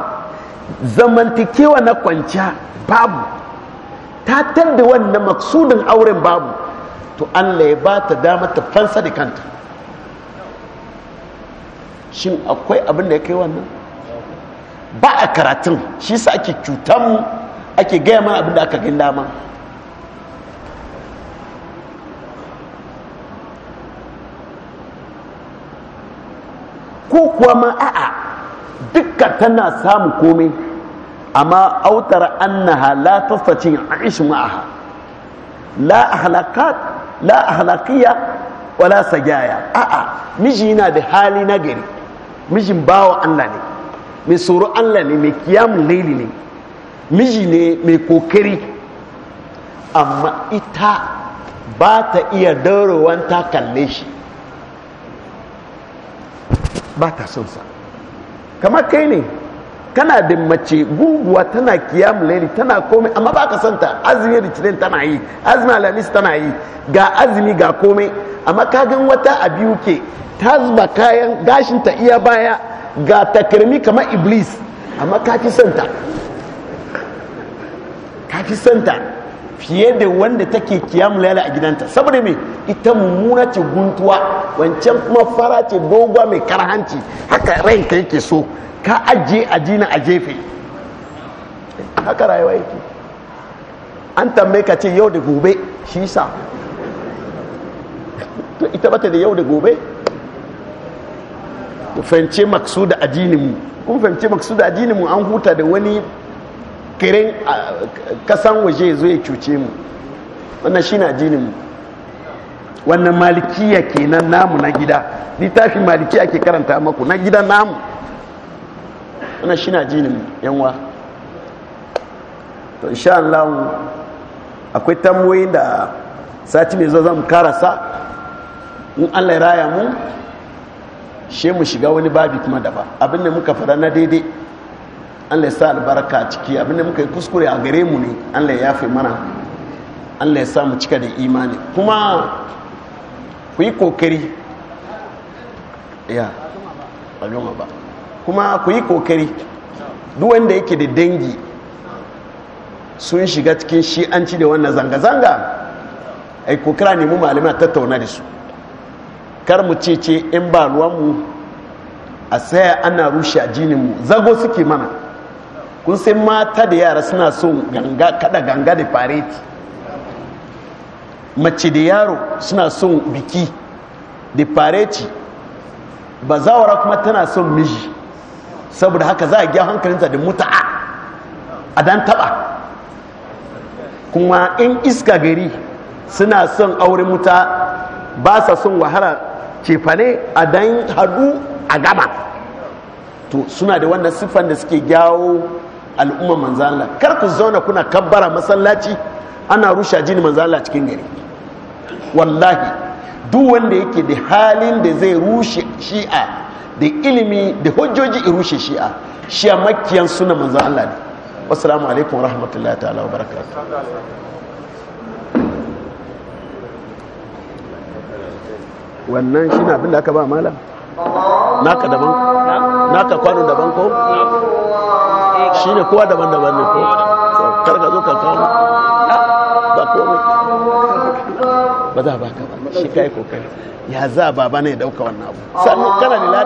zamantakewa na kwanciya babu tatar da wannan maksudin auren babu to allah ya ba ta dama ta fansa da kanta shin akwai abin da ya kai wannan ba a karatun shi sa ake mu ake gaya ma abin da aka gina ma. ko kuwa ma a'a dukka tana samun komai amma autar annaha la cin aish ma'aha la ahlakat la wala sajaya a'a miji yana da hali na gari mijin bawa Allah ne mai tsoro Allah ne mai kiyamun laili ne miji ne mai kokari amma ita ba ta iya daurowan ta kalle shi ba ta sa kamar kai ne kana da mace guguwa tana kiyamu laili tana komai amma ba ka santa azumi litinin tana yi azumi alamis tana yi ga azumi ga komai amma ka gan wata a biyu ke ta zuba kayan gashinta iya baya ga takarmi kamar iblis amma ka fi santa ka fi santa fiye da wanda take kiyamu a gidanta saboda me ita mummuna ce guntuwa wancan kuma fara ce dogwa mai karhanci haka ranka yake so ka ajiye ajina a jefe haka rayuwa yake an tambaye ka ce yau da gobe shi sa to ita bata da yau da gobe ku fahimce maksu da ajininmu kun fahimce maksu da ajininmu an huta da wani kirin kasan waje zo ya cuce mu wannan shi na ajininmu wannan malikiya kenan namu na gida littafin malikiya ke karanta maku na gida namu wannan shi na jinin yanwa to insha Allah akwai tamboyi da sati mai zo zan karasa in Allah ya raya mu she mu shiga wani babi kuma daban abin da muka fara na daidai Allah ya sa albarka a ciki abin da muka yi kuskure a gare mu ne Allah ya yafe mana Allah ya sa mu cika da imani kuma ku yi kokari ya ba ba kuma ku yi kokari duk wanda yake da dangi sun shiga cikin shi'anci da wannan zanga-zanga yi kokira nemi malamai tattauna da su kar mu ce ce in ba ruwanmu a saya ana rushe a mu zago suke mana kun sai mata da yara suna son ganga kada ganga da fareti mace da yaro suna son biki da fareti zawara kuma tana son miji saboda haka za a gya hankalinsa da muta'a a dan taba kuma in iska gari suna son auren muta ba sa son wahala cefane a dan hadu a gaba to suna da wannan siffan da suke gyawo al'umma manzala kar ku zauna kuna kabbara masallaci ana rushe jini manzala cikin gari wallahi duk wanda yake da halin da zai rushe shi'a da ilimi da hujjoji in rushe shi'a a makiyan suna manzan Allah ne wasu alaikum rahmatullahi ta'ala wa barakatu wannan shi na abin da aka ba malam naka daban naka kwano daban ko shi ne kowa daban-daban ne ko karka zo ka kawo ba komai ba za ba ka ba shi kai kokari ya za baba ne ya dauka wannan abu sannan kana da